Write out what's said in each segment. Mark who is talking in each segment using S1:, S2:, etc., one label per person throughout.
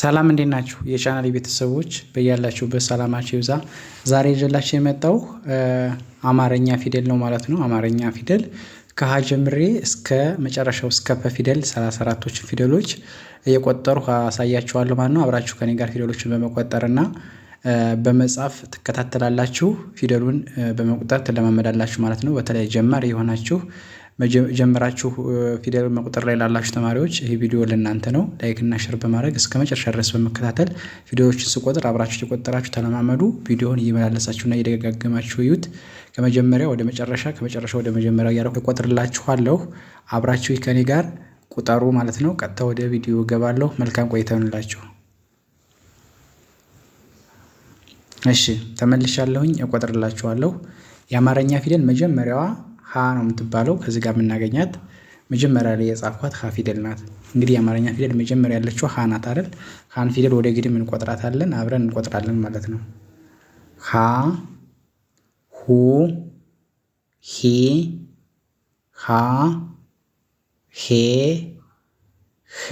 S1: ሰላም እንዴት ናችሁ? የቻናል ቤተሰቦች በያላችሁበት ሰላማችሁ ይብዛ። ዛሬ ይዤላችሁ የመጣው አማርኛ ፊደል ነው ማለት ነው። አማርኛ ፊደል ከሀ ጀምሬ እስከ መጨረሻው እስከ ፐ ፊደል 34ቶች ፊደሎች እየቆጠሩ አሳያችኋለሁ ማለት ነው። አብራችሁ ከኔ ጋር ፊደሎችን በመቆጠርና በመጻፍ ትከታተላላችሁ። ፊደሉን በመቁጠር ትለማመዳላችሁ ማለት ነው። በተለይ ጀማሪ የሆናችሁ ጀምራችሁ ፊደል መቁጠር ላይ ላላችሁ ተማሪዎች ይህ ቪዲዮ ለእናንተ ነው። ላይክ እና በማድረግ እስከ መጨረሻ ድረስ በመከታተል ቪዲዮዎችን ስቆጥር አብራችሁ የቆጠራችሁ ተለማመዱ። ቪዲዮውን እየመላለሳችሁና እየደጋገማችሁ እዩት። ከመጀመሪያ ወደ መጨረሻ፣ ከመጨረሻ ወደ መጀመሪያ እያደረኩ እቆጥርላችኋለሁ። አብራችሁ ከኔ ጋር ቁጠሩ ማለት ነው። ቀጥታ ወደ ቪዲዮ እገባለሁ። መልካም ቆይታ ይሁንላችሁ። እሺ ተመልሻለሁኝ። እቆጥርላችኋለሁ። የአማርኛ ፊደል መጀመሪያዋ ሀ ነው የምትባለው ከዚህ ጋር የምናገኛት መጀመሪያ ላይ የጻፍኳት ሀ ፊደል ናት። እንግዲህ የአማርኛ ፊደል መጀመሪያ ያለችው ሀ ናት አይደል? ሀን ፊደል ወደ ግድም እንቆጥራታለን፣ አብረን እንቆጥራለን ማለት ነው። ሀ ሁ ሂ ሃ ሄ ህ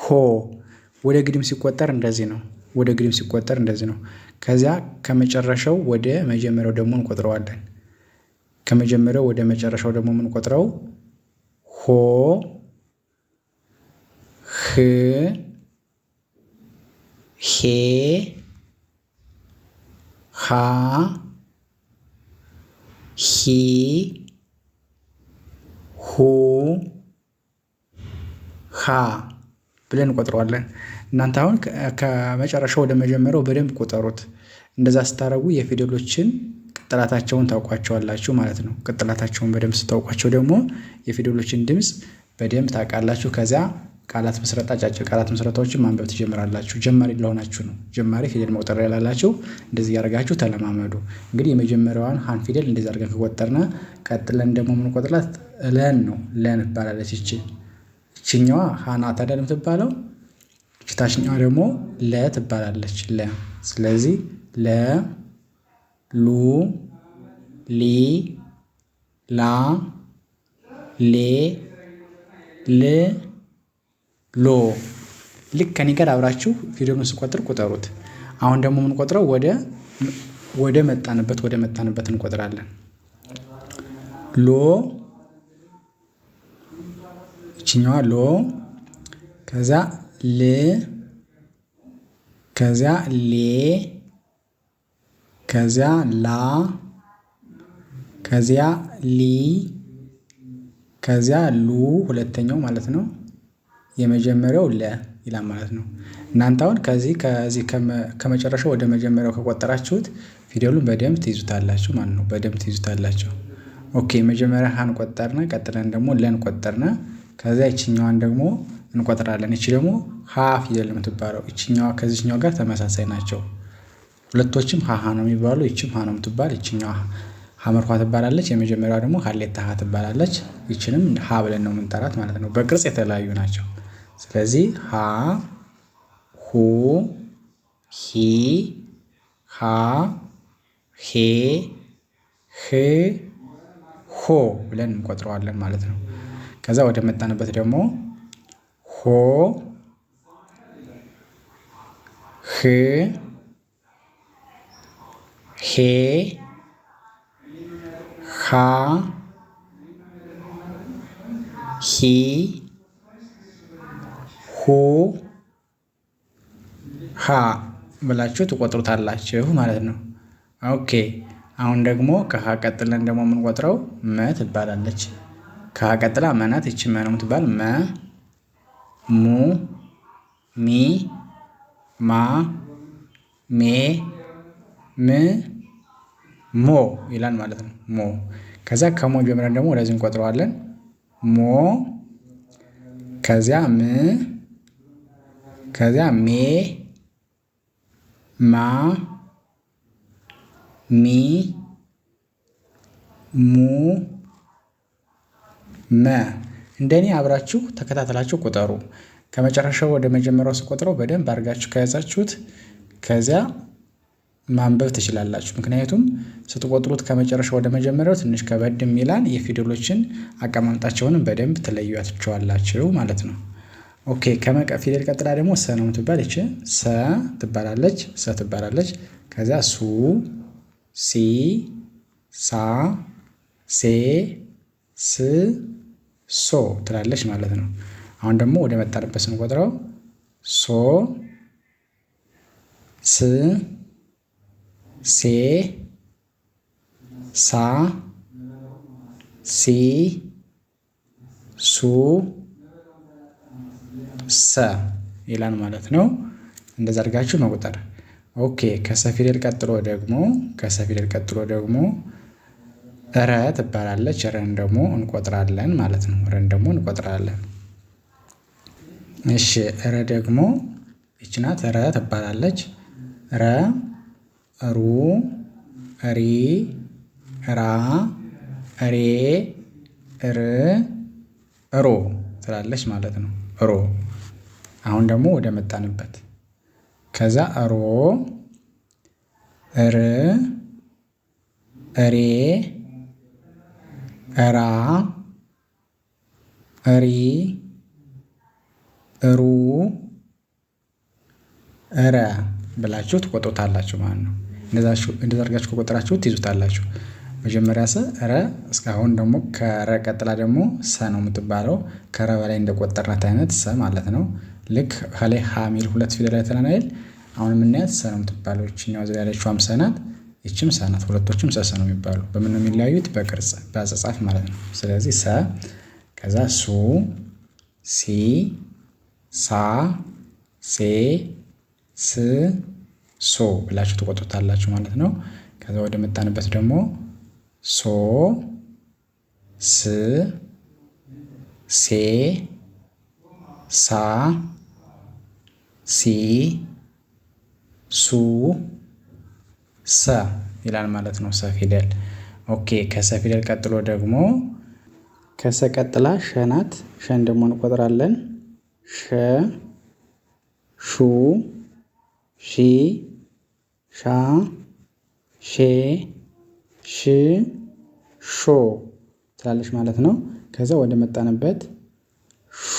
S1: ሆ ወደ ግድም ሲቆጠር እንደዚህ ነው። ወደ ግድም ሲቆጠር እንደዚህ ነው። ከዚያ ከመጨረሻው ወደ መጀመሪያው ደግሞ እንቆጥረዋለን። ከመጀመሪያው ወደ መጨረሻው ደግሞ የምንቆጥረው ሆ ህ ሄ ሃ ሂ ሁ ሃ ብለን እንቆጥረዋለን። እናንተ አሁን ከመጨረሻው ወደ መጀመሪያው በደንብ ቆጠሩት። እንደዛ ስታደርጉ የፊደሎችን ቅጥላታቸውን ታውቋቸዋላችሁ ማለት ነው። ቅጥላታቸውን በደንብ ስታውቋቸው ደግሞ የፊደሎችን ድምፅ በደንብ ታውቃላችሁ። ከዚያ ቃላት ምስረታ፣ አጫጭር ቃላት ምስረታዎችን ማንበብ ትጀምራላችሁ። ጀማሪ ለሆናችሁ ነው። ጀማሪ ፊደል መቁጠር ያላላችሁ እንደዚህ ያደርጋችሁ ተለማመዱ። እንግዲህ የመጀመሪያዋን ሀን ፊደል እንደዚህ አድርገን ከቆጠርና ቀጥለን ደግሞ የምንቆጥላት ለን ነው። ለን ትባላለች ይቺ። ይችኛዋ ሀና ታዲያ የምትባለው ችታችኛዋ ደግሞ ለ ትባላለች። ለ ስለዚህ ለ ሉ ሊ ላ ሌ ል ሎ ልክ ከኔ ጋር አብራችሁ ፊደሉን ስቆጥር ቁጠሩት። አሁን ደግሞ የምንቆጥረው ወደ ወደ መጣንበት ወደ መጣንበት እንቆጥራለን። ሎ ይችኛዋ ሎ ከዛ ል ሌ ከዚያ ላ ከዚያ ሊ ከዚያ ሉ ሁለተኛው ማለት ነው። የመጀመሪያው ለ ይላል ማለት ነው። እናንተ አሁን ከዚህ ከዚህ ከመጨረሻው ወደ መጀመሪያው ከቆጠራችሁት ፊደሉን በደንብ ትይዙታላችሁ ማለት ነው። በደንብ ትይዙታላችሁ። ኦኬ መጀመሪያ ሀን ቆጠርነ፣ ቀጥለን ደግሞ ለን ቆጠርነ። ከዚያ ይችኛዋን ደግሞ እንቆጥራለን። እቺ ደግሞ ሀ ፊደል የምትባለው ይችኛዋ ከዚችኛዋ ጋር ተመሳሳይ ናቸው። ሁለቶችም ሀሀ ነው የሚባሉ ይችም ሀ ነው የምትባል ይችኛዋ ሀመርኳ ትባላለች። የመጀመሪያዋ ደግሞ ሀሌታ ሀ ትባላለች። ይችንም ሀ ብለን ነው የምንጠራት ማለት ነው። በቅርጽ የተለያዩ ናቸው። ስለዚህ ሀ ሁ ሂ ሃ ሄ ህ ሆ ብለን እንቆጥረዋለን ማለት ነው። ከዛ ወደ መጣንበት ደግሞ ሆ ህ ሄ ሃ ሂ ሁ ሃ ብላችሁ ትቆጥሩታላችሁ ማለት ነው። ኦኬ አሁን ደግሞ ከሀ ቀጥለን ደግሞ የምንቆጥረው መ ትባላለች። ከሀ ቀጥላ መናት ይች መ ነው የምትባል መ ሙ ሚ ማ ሜ ም ሞ ይላል ማለት ነው። ሞ ከዛ ከሞ ጀምረን ደግሞ ወደዚህ እንቆጥረዋለን። ሞ ከዚያ ም ከዚያ ሜ ማ ሚ ሙ መ እንደኔ አብራችሁ ተከታተላችሁ ቁጠሩ። ከመጨረሻው ወደ መጀመሪያው ስቆጥረው በደንብ አድርጋችሁ ከያዛችሁት ከዚያ ማንበብ ትችላላችሁ። ምክንያቱም ስትቆጥሩት ከመጨረሻ ወደ መጀመሪያው ትንሽ ከበድ የሚላን የፊደሎችን አቀማመጣቸውንም በደንብ ትለዩዋቸዋላችሁ ማለት ነው። ኦኬ ከመቀ ፊደል ቀጥላ ደግሞ ሰ ነው የምትባል ይች ሰ ትባላለች ሰ ትባላለች ከዚያ ሱ ሲ ሳ ሴ ስ ሶ ትላለች ማለት ነው። አሁን ደግሞ ወደ መጣንበት ስንቆጥረው ሶ ስ ሴ ሳ ሲ ሱ ሰ ይላል ማለት ነው። እንደዛ አድርጋችሁ መቁጠር። ኦኬ ከሰፊደል ቀጥሎ ደግሞ ከሰፊደል ቀጥሎ ደግሞ እረ ትባላለች። እረን ደግሞ እንቆጥራለን ማለት ነው። እረን ደግሞ እንቆጥራለን። እሺ እረ ደግሞ ይችናት እረ ትባላለች። እረ ሩ እሪ እራ እሬ እር እሮ ትላለች ማለት ነው። እሮ አሁን ደግሞ ወደ መጣንበት ከዛ እሮ እር እሬ ራ ሪ እሩ እረ ብላችሁ ትቆጡታላችሁ ማለት ነው። እንደዛ አድርጋችሁ ከቆጠራችሁት ትይዙታላችሁ። መጀመሪያ ሰ ረ እስካሁን ደግሞ ከረ ቀጥላ ደግሞ ሰ ነው የምትባለው። ከረ በላይ እንደቆጠርናት አይነት ሰ ማለት ነው። ልክ ከላይ ሀሚል ሁለት ፊደል አይተናል አሁን የምናያት ሰ ነው የምትባለው። ይችኛው እዚያ ያለችዋም ሰ ናት፣ ይችም ሰ ናት። ሁለቶችም ሰ ሰ ነው የሚባሉ። በምን ነው የሚለያዩት? በቅርጽ በአጻጻፍ ማለት ነው። ስለዚህ ሰ ከዛ ሱ ሲ ሳ ሴ ስ ሶ ብላችሁ ትቆጥሩታላችሁ ማለት ነው። ከዛ ወደ መጣንበት ደግሞ ሶ ስ ሴ ሳ ሲ ሱ ሰ ይላል ማለት ነው። ሰ ፊደል ኦኬ። ከሰ ፊደል ቀጥሎ ደግሞ ከሰ ቀጥላ ሸናት። ሸን ደግሞ እንቆጥራለን። ሸ ሹ ሺ ሻ ሼ ሽ ሾ ትላለች ማለት ነው። ከዛ ወደ መጣንበት ሾ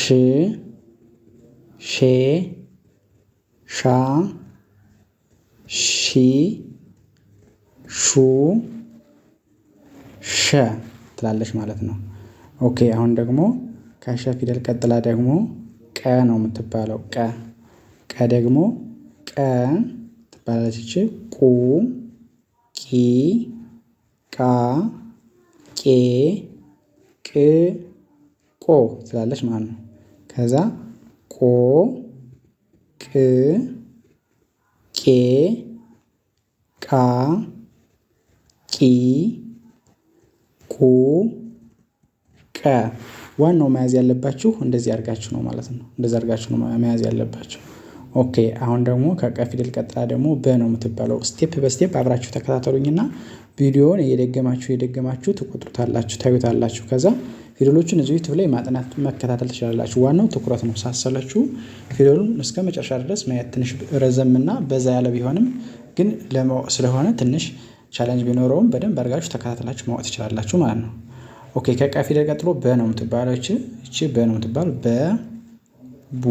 S1: ሽ ሼ ሻ ሺ ሹ ሸ ትላለች ማለት ነው። ኦኬ አሁን ደግሞ ከሸ ፊደል ቀጥላ ደግሞ ቀ ነው የምትባለው ቀ ቀ ደግሞ ቀ ትባላለች እቺ ቁ ቂ ቃ ቄ ቅ ቆ ትላለች ማለት ነው። ከዛ ቆ ቅ ቄ ቃ ቂ ቁ ቀ ዋናው መያዝ ያለባችሁ እንደዚህ አድርጋችሁ ነው ማለት ነው። እንደዚህ አድርጋችሁ ነው መያዝ ያለባችሁ ኦኬ አሁን ደግሞ ከቀፊደል ቀጥላ ደግሞ በ ነው የምትባለው ስቴፕ በስቴፕ አብራችሁ ተከታተሉኝና ቪዲዮውን እየደገማችሁ እየደገማችሁ ትቆጥሩታላችሁ ታዩታላችሁ ከዛ ፊደሎቹን እዚሁ ዩቱብ ላይ ማጥናት መከታተል ትችላላችሁ። ዋናው ትኩረት ነው። ሳሰለችሁ ፊደሉን እስከ መጨረሻ ድረስ ማየት ትንሽ ረዘምና በዛ ያለ ቢሆንም ግን ለማወቅ ስለሆነ ትንሽ ቻለንጅ ቢኖረውም በደንብ አድርጋችሁ ተከታተላችሁ ማወቅ ትችላላችሁ ማለት ነው። ኦኬ ከቀፊደል ቀጥሎ በ ነው የምትባለው። እቺ በ ነው የምትባል በ ቡ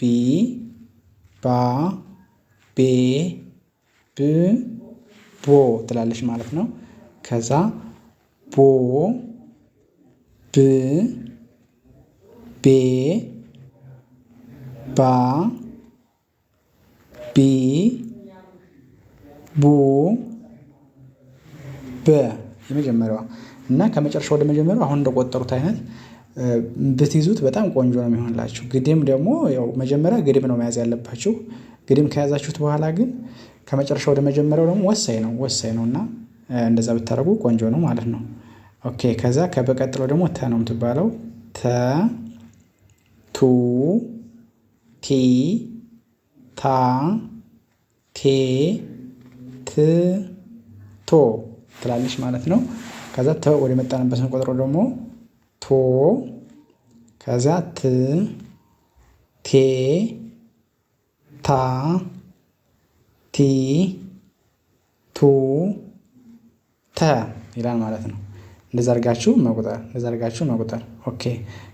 S1: ቢ ባ ቤ ብ ቦ ትላለች ማለት ነው። ከዛ ቦ ብ ቤ ባ ቢ ቡ በ የመጀመሪያዋ እና ከመጨረሻው ወደ መጀመሪያው አሁን እንደቆጠሩት አይነት ብትይዙት በጣም ቆንጆ ነው የሚሆንላችሁ። ግድም ደግሞ ያው መጀመሪያ ግድም ነው መያዝ ያለባችሁ። ግድም ከያዛችሁት በኋላ ግን ከመጨረሻ ወደ መጀመሪያው ደግሞ ወሳኝ ነው ወሳኝ ነው እና እንደዛ ብታደርጉ ቆንጆ ነው ማለት ነው። ኦኬ ከዛ ከበቀጥሎ ደግሞ ተ ነው የምትባለው ተ ቱ ቲ ታ ቴ ት ቶ ትላለች ማለት ነው። ከዛ ተ ወደ መጣንበት ቆጥሮ ደግሞ ከዚያ ት ቴ ታ ቲ ቱ ተ ይላል ማለት ነው። እንደዘርጋችሁ መቁጠር እንደዘርጋችሁ መቁጠር። ኦኬ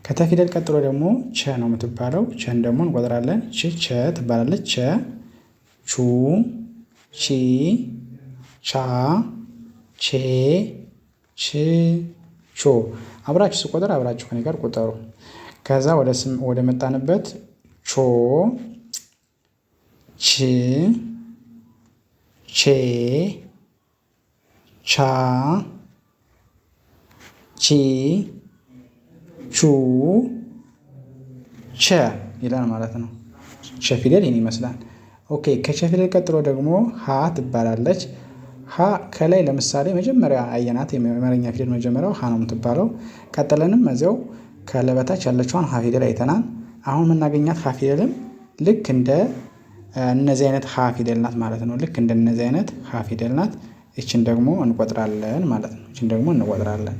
S1: ከተ ፊደል ቀጥሎ ደግሞ ቸ ነው የምትባለው። ቸን ደግሞ እንቆጥራለን። ች ቸ ትባላለች። ቸ ቹ ቺ ቻ ቼ ች ቾ አብራችሁ ስቆጥር አብራችሁ ከኔ ጋር ቁጠሩ። ከዛ ወደ ስም ወደ መጣንበት ቾ ቺ ቼ ቻ ቺ ቹ ቸ ይላል ማለት ነው። ሸ ፊደል ይህን ይመስላል። ኦኬ ከሸ ፊደል ቀጥሎ ደግሞ ሀ ትባላለች። ሀ ከላይ ለምሳሌ መጀመሪያ አየናት የአማርኛ ፊደል መጀመሪያው ሀ ነው የምትባለው። ቀጥለንም እዚያው ከለበታች ያለችዋን ሀ ፊደል አይተናል። አሁን የምናገኛት ሀ ፊደልም ልክ እንደ እነዚህ አይነት ሀ ፊደል ናት ማለት ነው። ልክ እንደ እነዚህ አይነት ሀ ፊደል ናት። ይችን ደግሞ እንቆጥራለን ማለት ነው። ይችን ደግሞ እንቆጥራለን።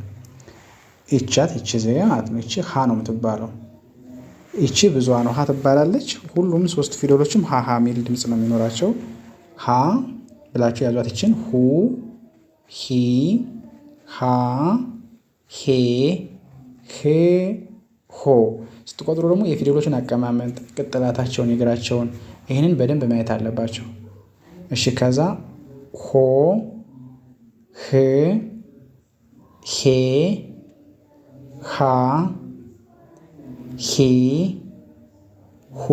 S1: ይቻት ይቺ ዜጋ ማለት ነው። ይቺ ሀ ነው የምትባለው። ይቺ ብዙ ነው ሀ ትባላለች። ሁሉም ሶስት ፊደሎችም ሀ ሀ የሚል ድምፅ ነው የሚኖራቸው ሀ ብላችሁ ያዟት ይችን ሁ ሂ ሃ ሄ ህ ሆ። ስትቆጥሩ ደግሞ የፊደሎችን አቀማመጥ ቅጥላታቸውን፣ የእግራቸውን ይህንን በደንብ ማየት አለባቸው። እሺ ከዛ ሆ ህ ሄ ሃ ሂ ሁ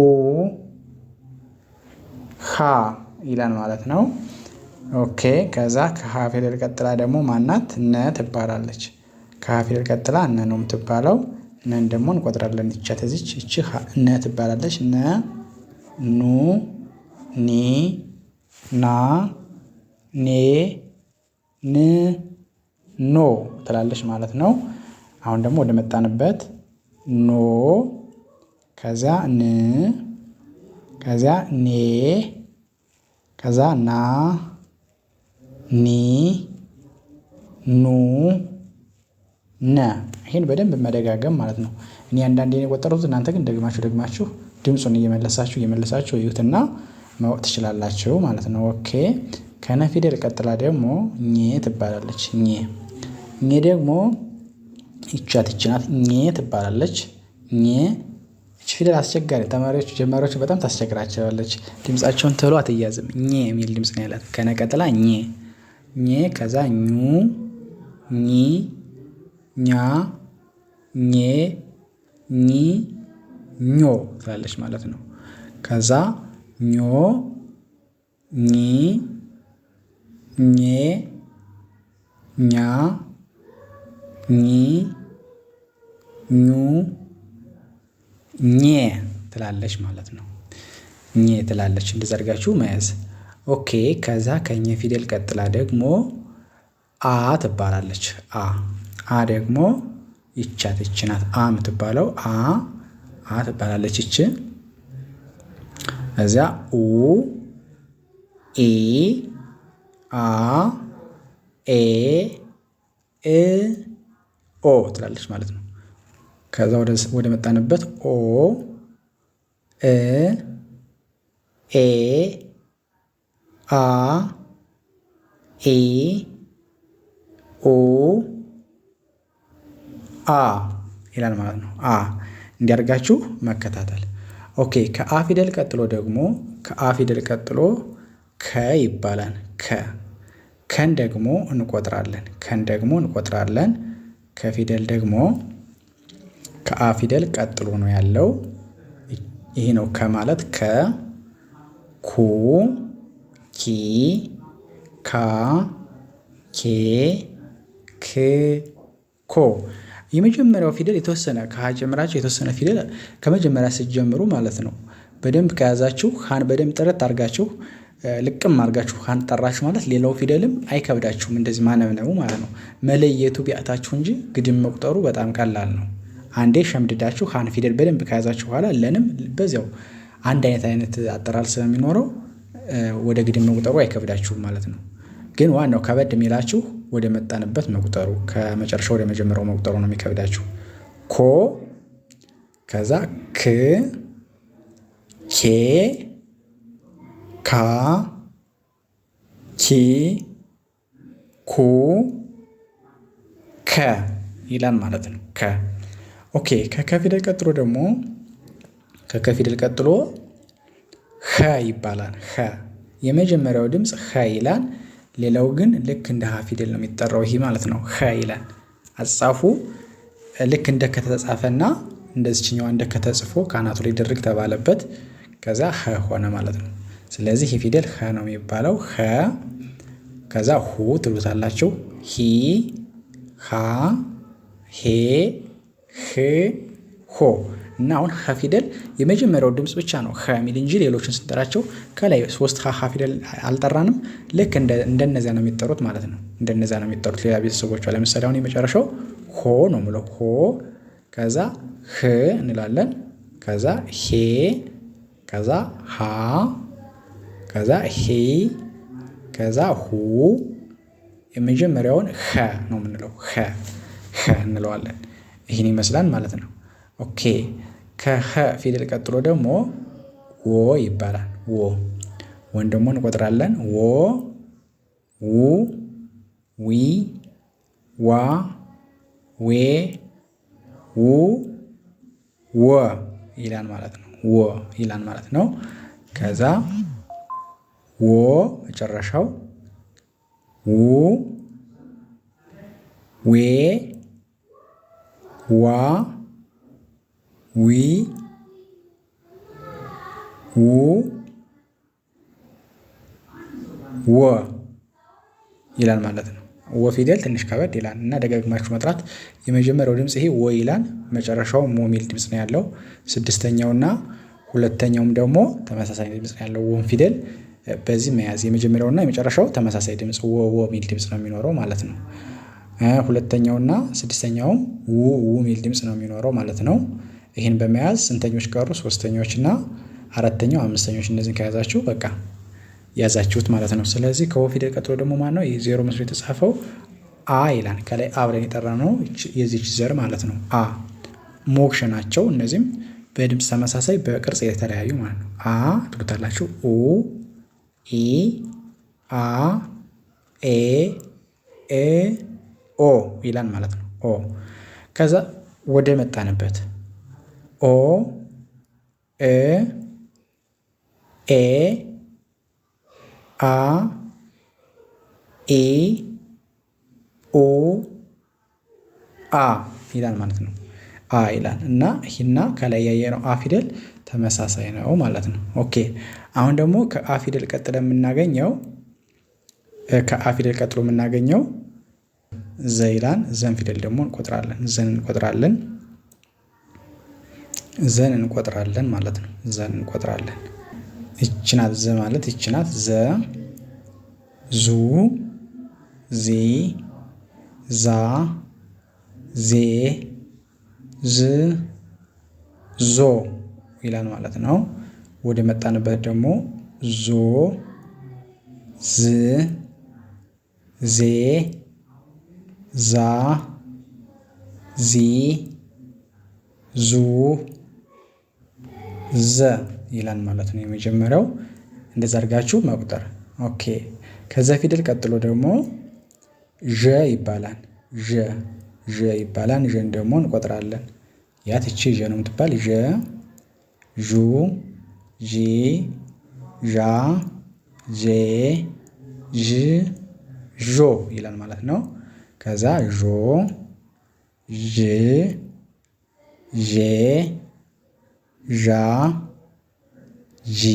S1: ሃ ይላል ማለት ነው። ኦኬ ከዛ ከሀ ፊደል ቀጥላ ደግሞ ማናት ነ ትባላለች። ከሀ ፊደል ቀጥላ ነ ነው የምትባለው ነን ደግሞ እንቆጥራለን ይቻ ተዚች ነ ትባላለች። ነ ኑ ኒ ና ኔ ን ኖ ትላለች ማለት ነው። አሁን ደግሞ ወደ መጣንበት ኖ ከዚያ ን ከዚያ ኔ ከዛ ና ኒ ኑ ነ ይህን በደንብ መደጋገም ማለት ነው። እኔ አንዳንዴ የቆጠሩት እናንተ ግን ደግማችሁ ደግማችሁ ድምፁን እየመለሳችሁ እየመለሳችሁ እዩትና ማወቅ ትችላላችሁ ማለት ነው። ኦኬ ከነ ፊደል ቀጥላ ደግሞ ኝ ትባላለች ኝ ኝ ደግሞ ይቻት ይቺ ኝ ትባላለች ኝ እች ፊደል አስቸጋሪ ተማሪዎች ጀማሪዎች በጣም ታስቸግራቸዋለች ድምፃቸውን ቶሎ አትያዝም ኝ የሚል ድምፅ ነው ያላት ከነ ቀጥላ ኝ ኘ ከዛ ኙ ኚ ኛ ኜ ኚ ኞ ትላለች ማለት ነው። ከዛ ኞ ኚ ኜ ኛ ኚ ኙ ኜ ትላለች ማለት ነው። ኜ ትላለች እንደዘርጋችሁ መያዝ ኦኬ ከዛ ከኛ ፊደል ቀጥላ ደግሞ አ ትባላለች አ አ ደግሞ ይቻት ናት አ የምትባለው አ አ ትባላለች ይቺ እዚያ ኡ ኢ አ ኤ እ ኦ ትላለች ማለት ነው። ከዛ ወደ መጣንበት ኦ እ ኤ አ ኤ ኦ አ ይላል ማለት ነው። አ እንዲያደርጋችሁ መከታተል። ኦኬ ከአ ፊደል ቀጥሎ ደግሞ ከአ ፊደል ቀጥሎ ከ ይባላል። ከ ከን ደግሞ እንቆጥራለን። ከን ደግሞ እንቆጥራለን። ከፊደል ደግሞ ከአ ፊደል ቀጥሎ ነው ያለው። ይሄ ነው ከማለት ከ ኩ ኪ ካ ኬ ክ ኮ የመጀመሪያው ፊደል የተወሰነ ከሀ ጀምራችሁ የተወሰነ ፊደል ከመጀመሪያ ስትጀምሩ ማለት ነው። በደንብ ከያዛችሁ ሀን በደንብ ጥረት አድርጋችሁ ልቅም አድርጋችሁ ሀን ጠራችሁ ማለት ሌላው ፊደልም አይከብዳችሁም። እንደዚህ ማነብነቡ ማለት ነው። መለየቱ ቢያታችሁ እንጂ ግድም መቁጠሩ በጣም ቀላል ነው። አንዴ ሸምድዳችሁ ሀን ፊደል በደንብ ከያዛችሁ በኋላ ለንም በዚያው አንድ አይነት አይነት አጠራር ስለሚኖረው ወደ ግድም መቁጠሩ አይከብዳችሁም ማለት ነው። ግን ዋናው ከበድ የሚላችሁ ወደ መጣንበት መቁጠሩ ከመጨረሻ ወደ መጀመሪያው መቁጠሩ ነው የሚከብዳችሁ። ኮ ከዛ ክ ኬ ካ ኪ ኩ ከ ይላል ማለት ነው። ከ ኦኬ። ከከፊደል ቀጥሎ ደግሞ ከከፊደል ቀጥሎ ኸ ይባላል። ኸ የመጀመሪያው ድምፅ ኸ ይላል። ሌላው ግን ልክ እንደ ሀ ፊደል ነው የሚጠራው ይሄ ማለት ነው። ኸ ይላል። አጻፉ ልክ እንደ ከተጻፈና እንደዚችኛዋ እንደ ከተጽፎ ከአናቱ ላይ ድርግ ተባለበት ከዛ ኸ ሆነ ማለት ነው። ስለዚህ ይህ ፊደል ኸ ነው የሚባለው። ኸ ከዛ ሁ ትሉታላችሁ። ሂ፣ ሃ፣ ሄ፣ ህ፣ ሆ እና አሁን ሀ ፊደል የመጀመሪያው ድምፅ ብቻ ነው ሀ የሚል እንጂ ሌሎችን ስንጠራቸው ከላይ ሶስት ሀ ሀ ፊደል አልጠራንም። ልክ እንደነዚያ ነው የሚጠሩት ማለት ነው። እንደነዚያ ነው የሚጠሩት ሌላ ቤተሰቦች። ለምሳሌ አሁን የመጨረሻው ሆ ነው የምለው ሆ፣ ከዛ ህ እንላለን፣ ከዛ ሄ፣ ከዛ ሀ፣ ከዛ ሄ፣ ከዛ ሁ። የመጀመሪያውን ሀ ነው የምንለው ሀ ሀ እንለዋለን። ይህን ይመስላል ማለት ነው። ኦኬ ከኸ ፊደል ቀጥሎ ደግሞ ወ ይባላል። ወ ወን ደግሞ እንቆጥራለን። ወ ው ዊ ዋ ዌ ው ወ ይላን ማለት ነው። ወ ይላን ማለት ነው። ከዛ ወ መጨረሻው ው ዌ ዋ ዊ ው ወ ይላል ማለት ነው። ወ ፊደል ትንሽ ከበድ ይላል እና ደጋግማችሁ መጥራት። የመጀመሪያው ድምፅ ይሄ ወ ይላል። መጨረሻው ሞ የሚል ድምፅ ነው ያለው። ስድስተኛውና ሁለተኛውም ደግሞ ተመሳሳይ ድምፅ ነው ያለው ወን ፊደል በዚህ መያዝ የመጀመሪያውና የመጨረሻው ተመሳሳይ ድምፅ ወ ወ ሚል ድምፅ ነው የሚኖረው ማለት ነው። ሁለተኛውና ስድስተኛውም ው ው ሚል ድምፅ ነው የሚኖረው ማለት ነው። ይህን በመያዝ ስንተኞች ቀሩ? ሶስተኞች እና አራተኛው አምስተኞች። እነዚህን ከያዛችሁ በቃ ያዛችሁት ማለት ነው። ስለዚህ ከወ ፊደል ቀጥሎ ደግሞ ማን ነው ዜሮ መስሎ የተጻፈው? አ ይላል። ከላይ አ ብለን የጠራ ነው የዚች ዘር ማለት ነው። አ ሞክሽ ናቸው። እነዚህም በድምፅ ተመሳሳይ በቅርጽ የተለያዩ ማለት ነው። አ ትሉታላችሁ። ኡ ኢ አ ኤ ኤ ኦ ይላል ማለት ነው። ኦ ከዛ ወደ መጣንበት ኦ እ ኤ አ ኢ ኡ አ ይላል ማለት ነው። አ ይላል እና ሂና ከላይ ያየነው አ ፊደል ተመሳሳይ ነው ማለት ነው። ኦኬ አሁን ደግሞ ከአ ፊደል ቀጥሎ የምናገኘው ከአ ፊደል ቀጥሎ የምናገኘው ዘ ይላል። ዘን ፊደል ደግሞ እንቆጥራለን። ዘን እንቆጥራለን ዘን እንቆጥራለን ማለት ነው። ዘን እንቆጥራለን። ይችናት ዘ ማለት እችናት ዘ ዙ ዚ ዛ ዜ ዝ ዞ ይላል ማለት ነው። ወደ መጣንበት ደግሞ ዞ ዝ ዜ ዛ ዚ ዙ ዘ ይላል ማለት ነው። የመጀመሪያው እንደዛ አድርጋችሁ መቁጠር። ኦኬ ከዛ ፊደል ቀጥሎ ደግሞ ዠ ይባላል። ዠ ዠ ይባላል። ዠን ደግሞ እንቆጥራለን። ያ ትቺ ዠ ነው የምትባል ዠ ዡ ዢ ዣ ዤ ዥ ዦ ይላል ማለት ነው። ከዛ ዦ ዥ ዤ ዣ ዢ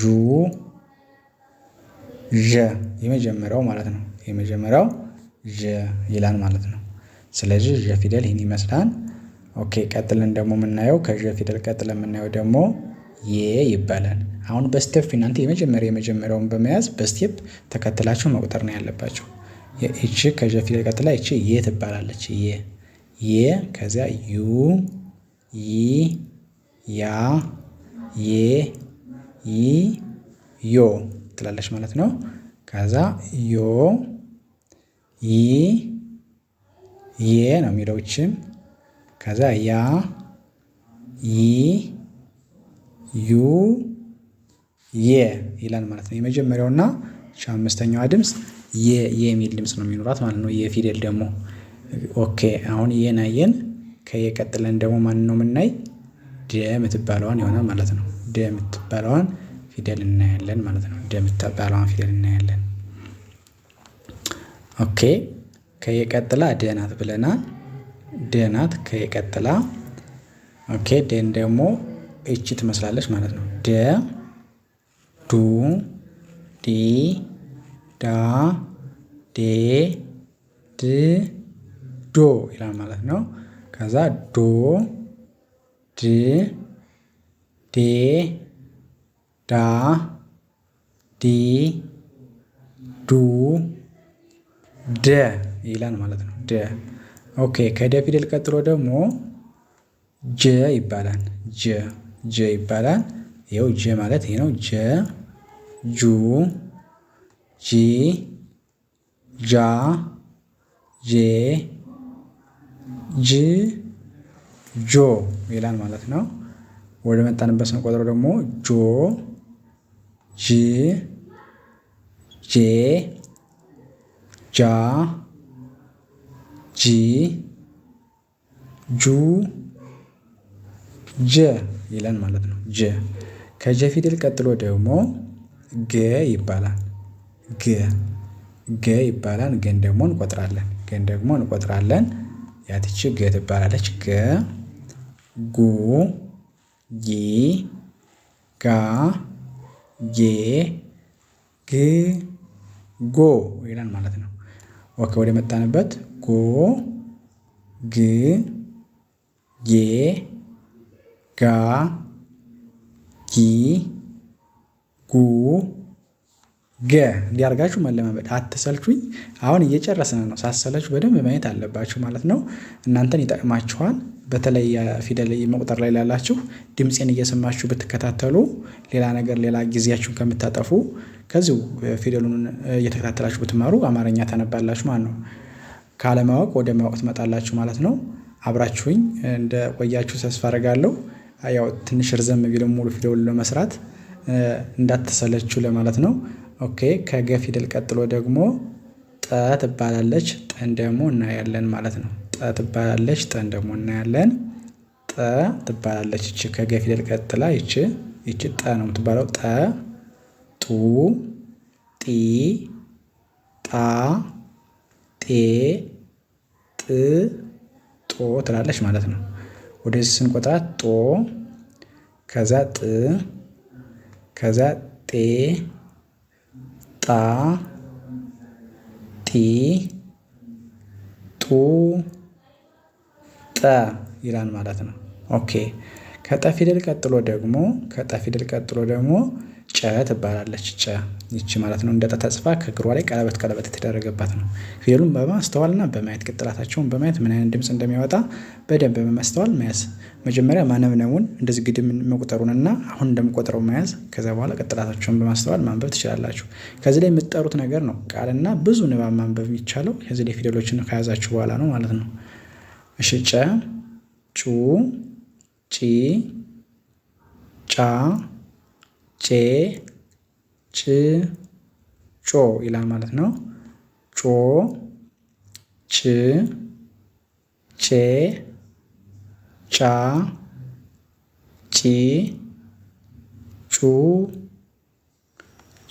S1: ዡ ዠ የመጀመሪያው ማለት ነው የመጀመሪያው ዠ ይላል ማለት ነው። ስለዚህ ዠ ፊደል ይህን ይመስላል። ኦኬ ቀጥለን ደግሞ የምናየው ከዠ ፊደል ቀጥለን የምናየው ደግሞ የ ይባላል። አሁን በስቴፕ እናንተ የመጀመሪያ የመጀመሪያውን በመያዝ በስቴፕ ተከትላችሁ መቁጠር ነው ያለባቸው። ይቺ ከዠ ፊደል ቀጥላ ይቺ የ ትባላለች። የ የ ከዚያ ዩ ይ ያ የ ይ ዮ ትላለች ማለት ነው። ከዛ ዮ ይ የ ነው የሚለው ይቺም ከዛ ያ ይ ዩ የ ይላል ማለት ነው። የመጀመሪያውና አምስተኛዋ ድምፅ የ የሚል ድምፅ ነው የሚኖራት ማለት ነው። የፊደል ደግሞ ኦኬ አሁን ዬን አየን ከየቀጥለን ደግሞ ማን ነው የምናይ ደ የምትባለዋን ይሆናል ማለት ነው። ደ የምትባለዋን ፊደል እናያለን ማለት ነው። ደ የምትባለዋን ፊደል እናያለን። ኦኬ ከየቀጥላ ደ ናት ብለናል። ደ ናት ከየቀጥላ። ኦኬ ደን ደግሞ እቺ ትመስላለች ማለት ነው። ደ ዱ ዲ ዳ ዴ ድ ዶ ይላል ማለት ነው። ከዛ ዶ ድ ዴ ዳ ዲ ዱ ደ ይላል ማለት ነው። ደ ኦኬ። ከደ ፊደል ቀጥሎ ደግሞ ጀ ይባላል። ጀ ጀ ይባላል። ይኸው ጀ ማለት ይሄ ነው። ጀ ጁ ጂ ጃ ጄ ጂ ጆ ይላል ማለት ነው። ወደ መጣንበት ስንቆጥረው ደግሞ ጆ ጂ ጄ ጃ ጂ ጁ ጀ ይላል ማለት ነው። ጀ ከጀ ፊደል ቀጥሎ ደግሞ ገ ይባላል። ገ ገ ይባላል። ገን ደግሞ እንቆጥራለን። ገን ደግሞ እንቆጥራለን ያትች ገ ትባላለች። ገ ጉ ጊ ጋ ጌ ግ ጎ ይላል ማለት ነው። ኦኬ ወደ መጣንበት ጎ ግ ጌ ጋ ጊ ጉ ገ እንዲያርጋችሁ መለማመድ አትሰልቹኝ። አሁን እየጨረስን ነው። ሳሰለችሁ በደንብ ማየት አለባችሁ ማለት ነው። እናንተን ይጠቅማችኋል። በተለይ ፊደል መቁጠር ላይ ላላችሁ ድምፄን እየሰማችሁ ብትከታተሉ ሌላ ነገር ሌላ ጊዜያችሁን ከምታጠፉ ከዚሁ ፊደሉን እየተከታተላችሁ ብትማሩ አማርኛ ተነባላችሁ ማለት ነው። ካለማወቅ ወደ ማወቅ ትመጣላችሁ ማለት ነው። አብራችሁኝ እንደ ቆያችሁ ተስፋ አደርጋለሁ። ያው ትንሽ ርዘም ቢልም ሙሉ ፊደሉን ለመስራት እንዳትሰለችው ለማለት ነው። ኦኬ ከገ ፊደል ቀጥሎ ደግሞ ጠ ትባላለች ጠን ደግሞ እናያለን ማለት ነው። ጠ ትባላለች ጠን ደግሞ እናያለን። ጠ ትባላለች እቺ ከገ ፊደል ቀጥላ ይች ይቺ ጠ ነው የምትባለው። ጠ ጡ ጢ ጣ ጤ ጥ ጦ ትላለች ማለት ነው። ወደዚህ ስንቆጥራት ጦ ከዛ ጥ ከዛ ጤ ጣ ጢ ጡ ጠ ይላል ማለት ነው። ኦኬ ከጠ ፊደል ቀጥሎ ደግሞ ከጠ ፊደል ቀጥሎ ደግሞ ጨ ትባላለች። ጨ ይቺ ማለት ነው እንደ ተጽፋ ከእግሯ ላይ ቀለበት ቀለበት የተደረገባት ነው። ፊደሉን በማስተዋልና በማየት ቅጥላታቸውን በማየት ምን አይነት ድምፅ እንደሚያወጣ በደንብ በማስተዋል መያዝ። መጀመሪያ ማነብነቡን እንደዚህ ግድም መቁጠሩንና አሁን እንደምቆጥረው መያዝ። ከዚያ በኋላ ቅጥላታቸውን በማስተዋል ማንበብ ትችላላችሁ። ከዚህ ላይ የምትጠሩት ነገር ነው። ቃልና ብዙ ንባብ ማንበብ የሚቻለው ከዚህ ላይ ፊደሎችን ከያዛችሁ በኋላ ነው ማለት ነው። እሺ ጨ ጩ ጪ ጫ ጬ ጭ ጮ ይላል ማለት ነው። ጮ ጭ ጬ ጫ ጪ ጩ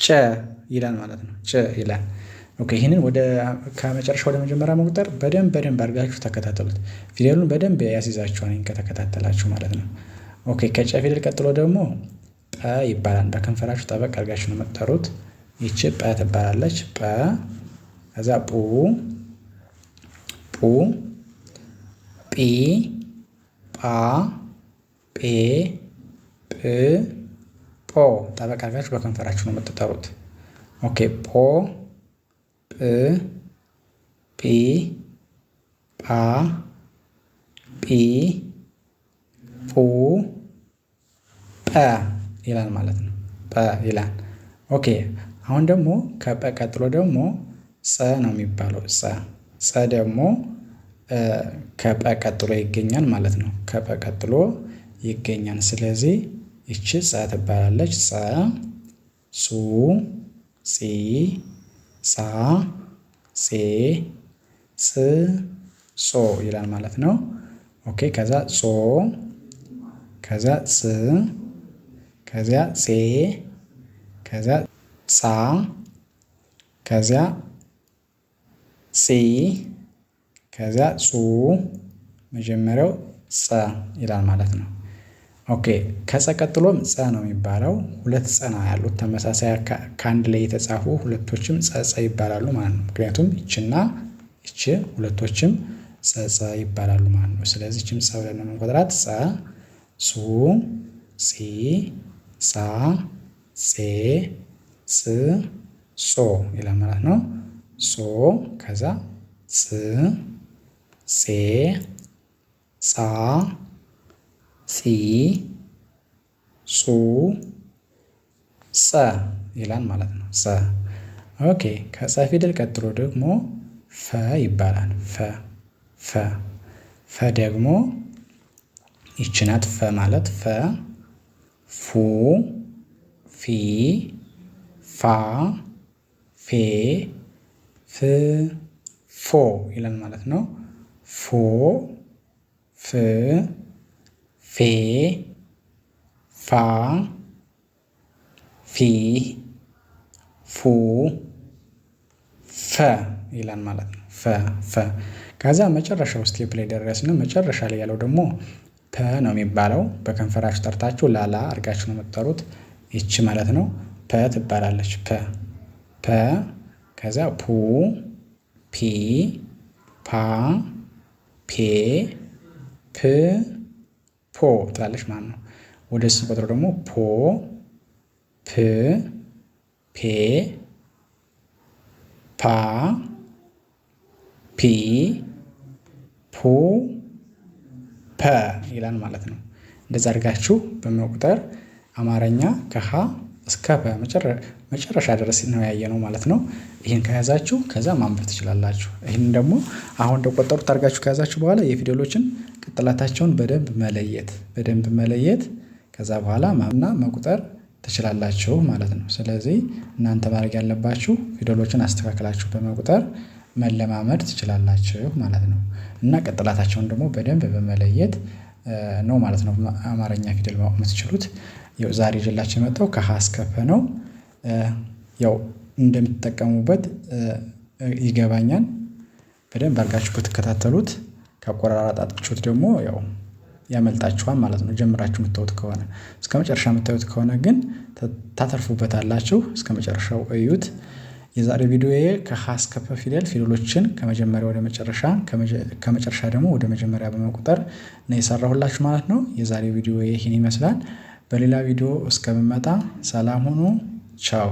S1: ጨ ይላል ማለት ነው። ጨ ይላል። ኦኬ ይህንን ወደ ከመጨረሻ ወደ መጀመሪያ መቁጠር በደንብ በደንብ አድርጋችሁ ተከታተሉት። ፊደሉን በደንብ ያስይዛችኋል ከተከታተላችሁ ማለት ነው። ኦኬ ከጨ ፊደል ቀጥሎ ደግሞ ጠ ይባላል። በከንፈራችሁ ጠበቅ አድርጋችሁ ነው የምትጠሩት። ይቺ ጠ ትባላለች። ጠ ከዛ ፑ ፑ ጲ ጳ ጴ ጵ ፖ ጠበቅ አድርጋችሁ በከንፈራችሁ ነው የምትጠሩት። ኦኬ ፖ ጵ ጲ ጳ ጲ ፑ ጰ ይላል ማለት ነው። ጠ ይላል። ኦኬ አሁን ደግሞ ከጰ ቀጥሎ ደግሞ ጸ ነው የሚባለው ጸ ጸ ደግሞ ከጰ ቀጥሎ ይገኛል ማለት ነው። ከጰ ቀጥሎ ይገኛል። ስለዚህ ይቺ ጸ ትባላለች። ጸ ሱ ጺ ጻ ጼ ጽ ጾ ይላል ማለት ነው። ኦኬ ከዛ ጾ ከዛ ጽ ከዚያ ሴ ከዚያ ሳ ከዚያ ሲ ከዚያ ጹ መጀመሪያው ጸ ይላል ማለት ነው። ኦኬ ከጸ ቀጥሎም ጸ ነው የሚባለው። ሁለት ጸና ያሉት ተመሳሳይ ከአንድ ላይ የተጻፉ ሁለቶችም ጸጸ ይባላሉ ማለት ነው። ምክንያቱም ይችና ይች ሁለቶችም ጸጸ ይባላሉ ማለት ነው። ስለዚህ ይችም ጸ ብለን ነው የምንቆጥራት ጸ ሱ ሲ ሳ ጼ ጽ ጾ ይላል ማለት ነው። ጾ ከዛ ፅ ፄ ፃ ጺ ጹ ጸ ይላል ማለት ነው። ጸ ኦኬ ከጸ ፊደል ቀጥሎ ደግሞ ፈ ይባላል። ፈ ፈ ፈ ደግሞ ይችናት ፈ ማለት ፈ ፉ ፊ ፋ ፌ ፍ ፎ ይላል ማለት ነው። ፎ ፍ ፌ ፋ ፊ ፉ ፈ ይላል ማለት ነው። ፈ ፈ ከዛ መጨረሻው ስቴፕ ላይ ደረስን። መጨረሻ ላይ ያለው ደግሞ ፐ ነው የሚባለው በከንፈራችሁ ጠርታችሁ ላላ አድርጋችሁ ነው የምትጠሩት። ይቺ ማለት ነው ፐ ትባላለች። ፐ ፐ ከዚያ ፑ ፒ ፓ ፔ ፕ ፖ ትላለች ማለት ነው። ወደ ስንቆጥረው ደግሞ ፖ ፕ ፔ ፓ ፒ ፑ ፐ ይላል ማለት ነው። እንደዛ አድርጋችሁ በመቁጠር አማርኛ ከሀ እስከ ፐ መጨረሻ ድረስ ነው ነው ማለት ነው። ይህን ከያዛችሁ ከዛ ማንበብ ትችላላችሁ። ይህን ደግሞ አሁን እንደቆጠሩት አድርጋችሁ ከያዛችሁ በኋላ የፊደሎችን ቅጥላታቸውን በደንብ መለየት በደንብ መለየት ከዛ በኋላ ማና መቁጠር ትችላላችሁ ማለት ነው። ስለዚህ እናንተ ማድረግ ያለባችሁ ፊደሎችን አስተካክላችሁ በመቁጠር መለማመድ ትችላላችሁ ማለት ነው። እና ቀጥላታቸውን ደግሞ በደንብ በመለየት ነው ማለት ነው አማርኛ ፊደል ማወቅ የምትችሉት። ያው ዛሬ ጀላቸው የመጣው ከሀ እስከ ፐ ነው። ያው እንደምትጠቀሙበት ይገባኛል። በደንብ አድርጋችሁ ብትከታተሉት ካቆራረጣችሁት ደግሞ ያው ያመልጣችኋል ማለት ነው። ጀምራችሁ የምታዩት ከሆነ እስከ መጨረሻ የምታዩት ከሆነ ግን ታተርፉበታላችሁ መጨረሻው እዩት የዛሬ ቪዲዮ ከሀ እስከ ፐ ፊደል ፊደሎችን ከመጀመሪያ ወደ መጨረሻ ከመጨረሻ ደግሞ ወደ መጀመሪያ በመቁጠር ነው የሰራሁላችሁ ማለት ነው። የዛሬ ቪዲዮ ይህን ይመስላል። በሌላ ቪዲዮ እስከምመጣ ሰላም ሁኑ። ቻው